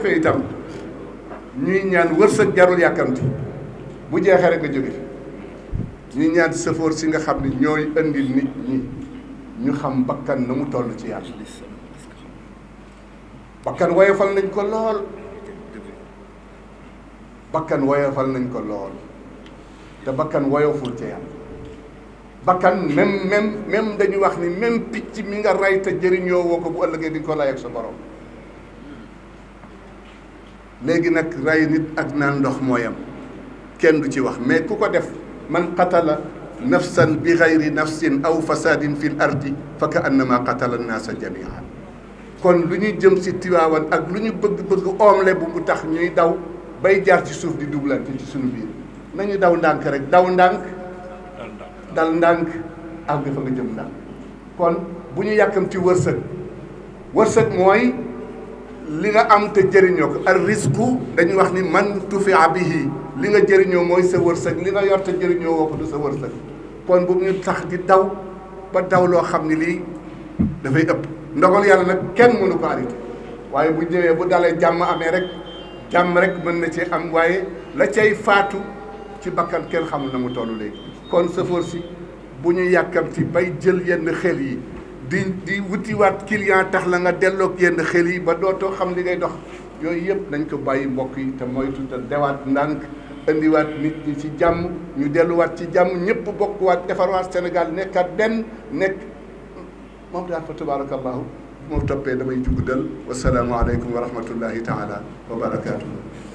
itam ñuy ñaan wërsëg jarul yàkkamti bu jeexee rek nga jóge fi ñuy si nga xam ne ñooy indil nit ñu xam bakkan mu toll ci yàlla bakkan woyofal nañ ko lool bakkan woyofal nañ ko lool te bakkan woyoful ci yàlla bakkan même même même dañuy wax ni même picc mi nga rey te jëriñoo woo ko bu ëllëgee di ko lay ak sa borom léegi nag rey nit ak naan ndox mooyam kenn du ci wax mais ku ko def man qatala nafsan bi gayri nafsin aw fasadin fil ardi fa ka annama qatala annaasa jamian kon lu ñu jëm si Tiwaawan ak lu ñu bëgg-bëgg oomle bu mu tax ñuy daw bay jaar ci suuf di dublante ci suñu biir nañu daw ndànk rek daw ndànk dal ndànk àgg fa nga jëm ndànk kon bu ñu yàkkamti ci wërsëg wërsëg mooy li nga am te jëriñoo ko ar risque dañuy wax ni man tufi abihi li nga jëriñoo mooy sa wërsëg li nga yor te jëriñoo woo ko du sa wërsëg kon bu ñu tax di daw ba daw loo xam ni lii dafay ëpp ndogal yàlla nag kenn mënu ko arrêté waaye bu ñëwee bu dalee jàmm amee rek jàmm rek mën na ci am waaye la cay faatu ci bakkan kenn xamul na mu toll léegi kon sëfoor si bu ñu yàkkamti bay jël yenn xel yi di di wutiwaat client tax la nga delloog yenn xel yi ba dootoo xam li ngay dox yooyu yëpp nañ ko bàyyi mbokk yi te moytu te dewaat ndànk indiwaat nit ñi ci jàmm ñu delluwaat ci jàmm ñëpp bokkuwaat defarwaat Sénégal nekkaat denn nekk moom daal fa tabaarakallaahu bu ma toppee damay juggudal wasalaamualeykum wa rahmatullahi taala wa barakaatu.